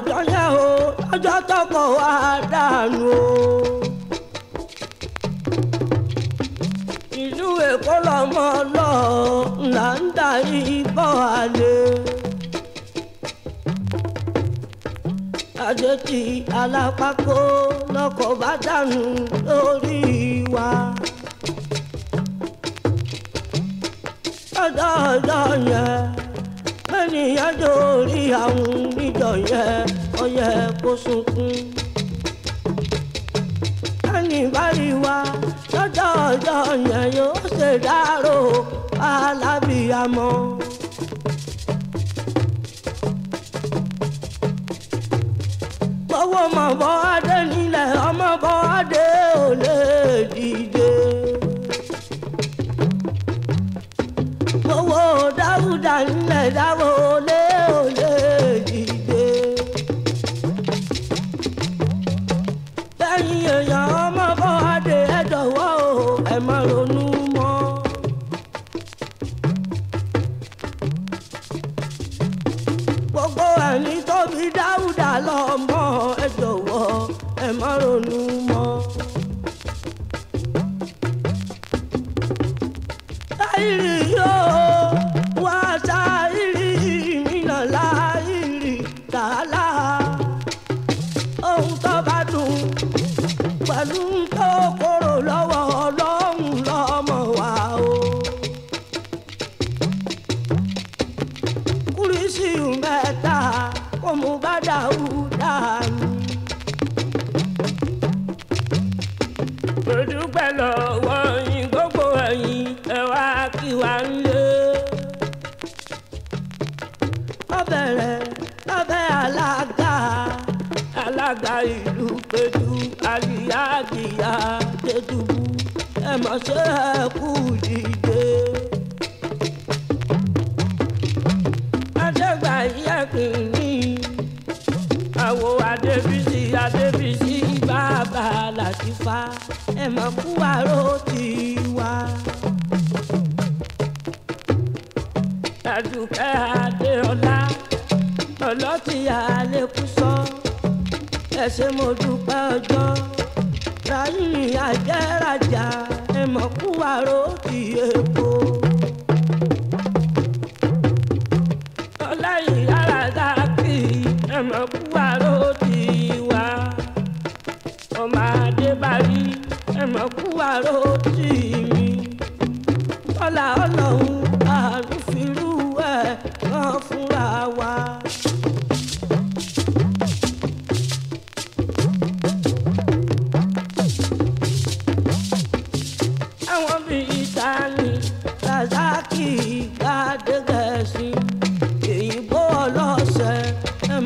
ọjọ́ yẹn o ọjọ́ tọkọ wa dànù o. ìlú èkó lọmọ lọ là ń darí bọ́ àlè. àjèjì alápákó lọkọ̀ bá dànù lórí wa. ọjọ́ ọjọ́ yẹn kẹ́nìyàn dórí àwọn níjọ yẹ ọyẹ kó sunkún. kẹ́nì bá rí wa lọ́jọ́ ọjọ́ yẹn yóò ṣèdárò alábìyamọ. owó mọ̀ bọ́ adé nílẹ̀ ọmọ bọ́ adé. I will ohun tó bá dùn pẹ̀lú nǹkan. ẹ mà ṣe é kú dìde. àdégbà yẹ kì í ní àwo adébísí adébísí bàbá làtìfá ẹ mà kú àrò tiwa. mo dúpẹ́ ọjọ́ ráyìn àjẹ́ràjà mọ̀kú àrò ti èpo.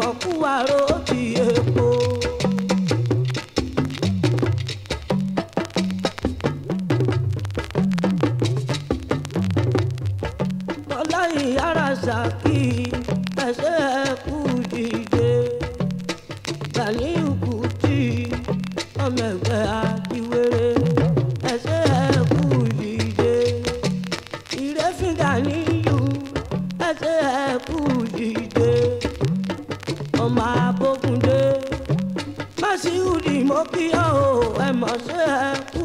mọ̀ kú àrò ẹ mọ̀ ṣe é kú.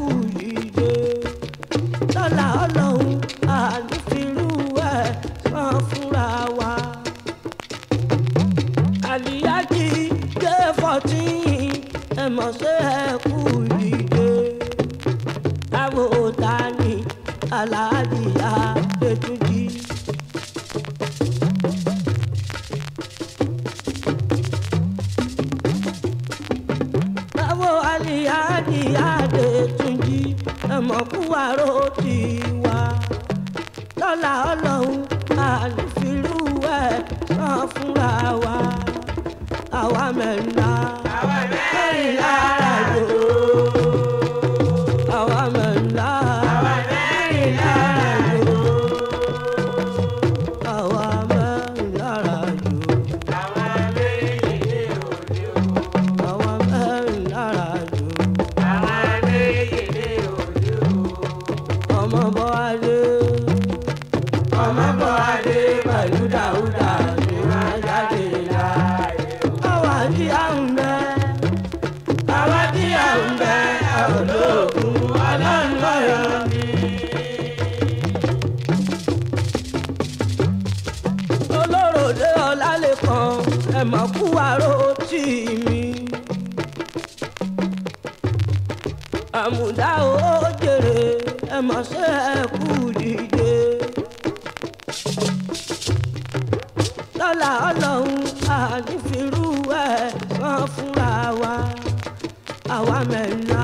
want it.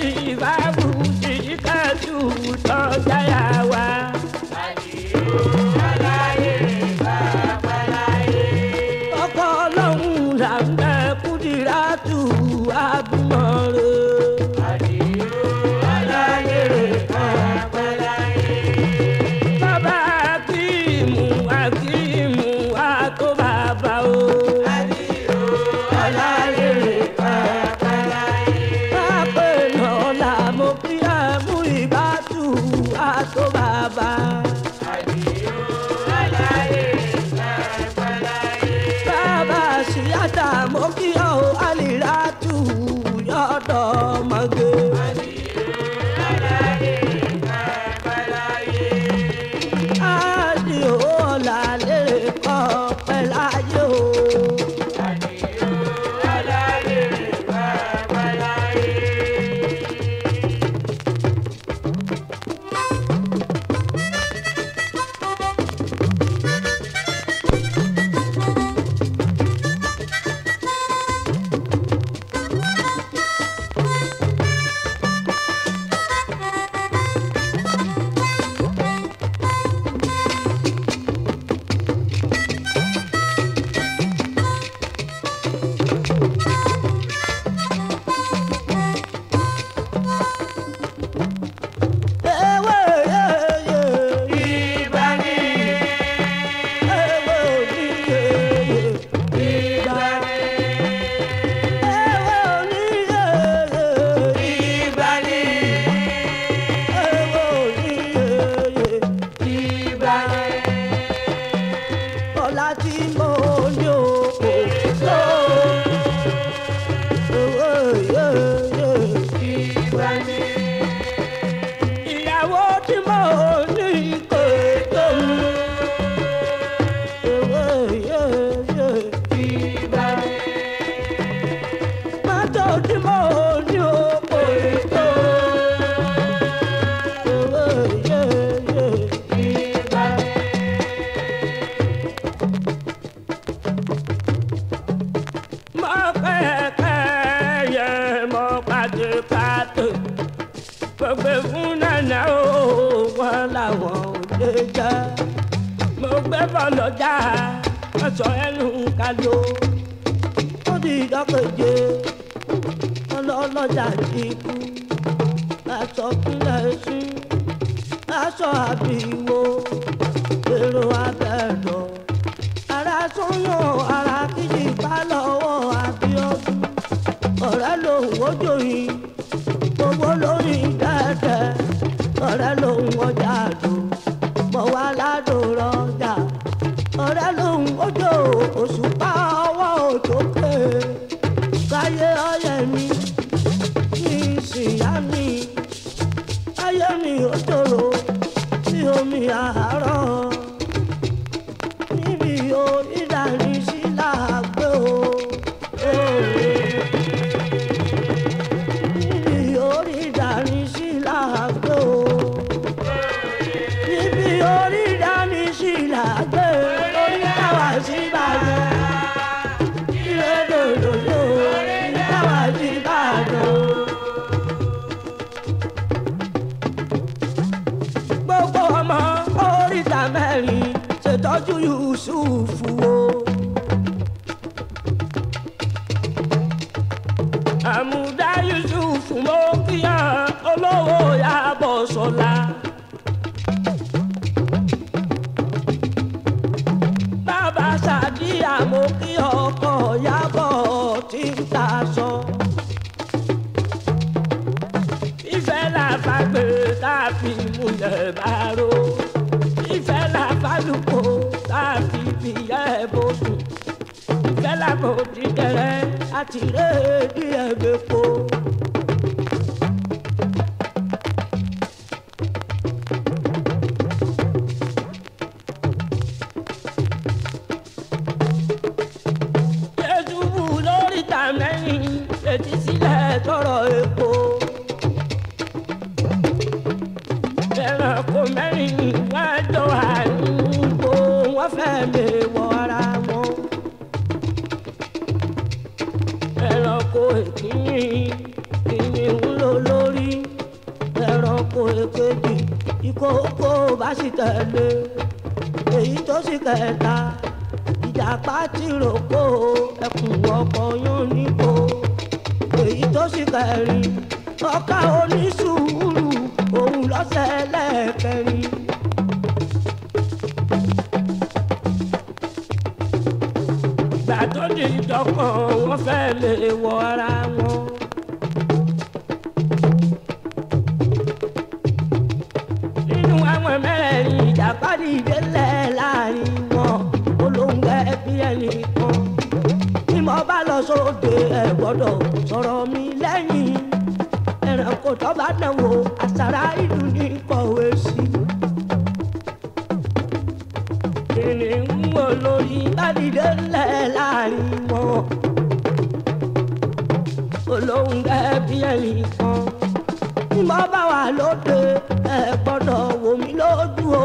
Jesus lálẹ́ o ó di ìdọ́kẹ̀jẹ́ ọlọ́ọ̀lọ́jà ti kú. Ṣọlá. Bàbá Ṣàdí àmókí ọkọ̀ Yábọ̀ tí ń taṣọ. Ìfẹ́ làfàgbé tá a fi múlẹ̀ bá ró. Ìfẹ́ làfàlùkò tá a fi bìyẹ́ bòdù. Ìfẹ́ làkòdì kẹrẹ àti rédíẹ̀ bẹ́ẹ̀ kó. apátìrókò ẹkùn ọkọ yóò níbo èyí tó sì kẹrin ọkà onísùúrù òun lọ́sẹ̀ lẹ́ẹ̀kẹrin. ìgbà tó wọ́n fẹ́ lè wọ ara wọn. ẹ gbọ́dọ̀ sọ̀rọ̀ mi lẹ́yìn ẹranko tó bá dánwò àṣàrà ìlú ní kọ̀wé sí. kìnìún wo. wò lórí bá dìde ńlẹ̀ láàrin wọn olóhùn ẹbí ẹ̀yìn kan tí mo bá wà lóde ẹ gbọ́dọ̀ wò mí lójú o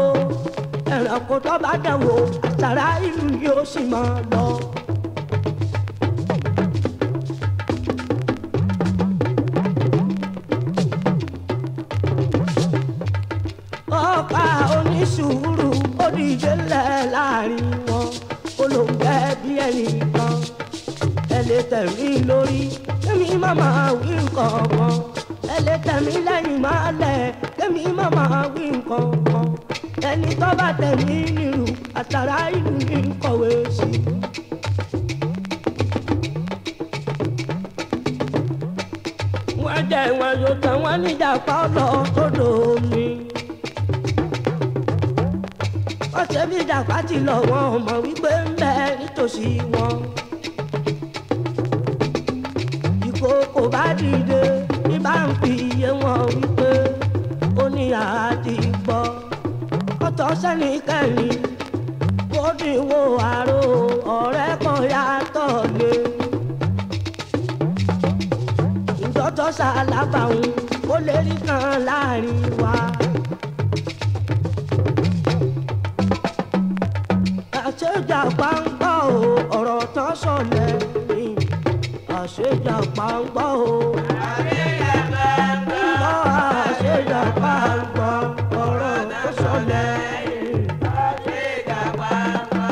ẹranko tó bá dánwò àṣàrà ìlú ni ó sì máa lọ. ní sùúrù ó dìje lẹ̀ láàrin wọn ó ló ń bẹ́ bí ẹnìkan ẹ lè tẹ̀mí lórí kémi má máa wí nǹkan kan ẹ lè tẹ̀mí lẹ́yìn má lẹ̀ kémi wí nǹkan kan ẹni tó bá tẹ̀mí nírú àtàrà ìlú ní kọ̀wé sí wọ́n jẹ́ ìwọ̀n yóò tán wọ́n níjà pa ọ́ lọ sódò mi wọ́n ṣe bí jàpátì lọ wọn ò mọ̀ wípé ń bẹ nítòsí wọn. ìkókò bá dìde bí bá ń fi iye wọn wípé ó ní àádì gbọ́. ọ̀tọ̀ sẹ́nikẹ́ni kó dìwọ́ àrò ọ̀rẹ́ kan yàtọ̀ lé. ìjọ́jọ́ sálábà ń kó lè rí kan láàrin wa. àṣejà pàǹgbà o ọ̀rọ̀ tán sọ̀lẹ̀ ni àṣejà pàǹgbà o. àṣejà pàǹgbà àṣejà pàǹgbà ọ̀rọ̀ tán sọ̀lẹ̀ ni àṣejà pàǹgbà.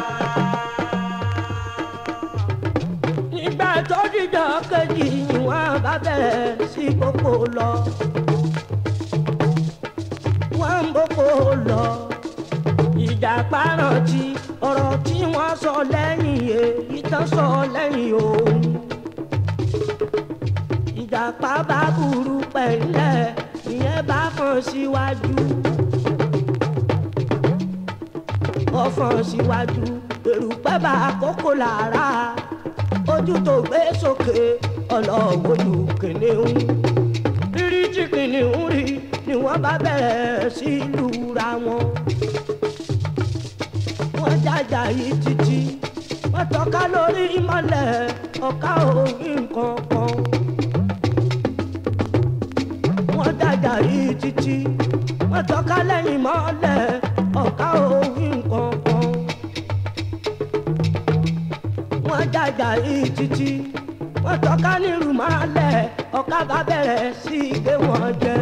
nígbà tó dìjọ kejì ìwọ̀n bá bẹ̀rẹ̀ sí kókó lọ wọ́n ń bókó lọ ìjà párọ̀ tí ìtàn tí wọ́n sọ lẹ́yìn èyí tán sọ lẹ́yìn òun. ìjàpá bá burú pẹ̀lẹ́ ìyẹn bá fọ́n síwájú. ó fọ́n síwájú èrùpẹ́ bá àkókò lára ojú tó gbé sókè ọlọ́wọ́lù kìnìún. rírí tí kìnìún rí ni wọ́n bá bẹ̀rẹ̀ sí lùra wọn. jájà yìí títí wọ́n lórí ìmọ̀lẹ̀ ọ̀ka òfin kankan. wọ́n jájà yìí títí wọ́n tọ́ka lẹ́yìn mọ́lẹ̀ ọ̀ka òfin kankan. wọ́n jájà yìí títí wọ́n tọ́ka nírú mọ́lẹ̀ ọ̀ka bá bẹ̀rẹ̀ sí gé wọn jẹ.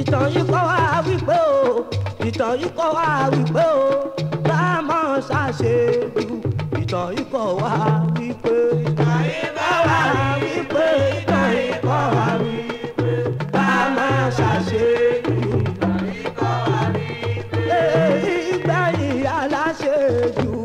ìtàn yìí kọ́ wá. ìtàn yìí kọ́ wa wípé o bá a mọ̀ ṣàṣe jù ìtàn yìí kọ́ wa wípé. ìtàn yìí kọ́ wa wípé ìtàn yìí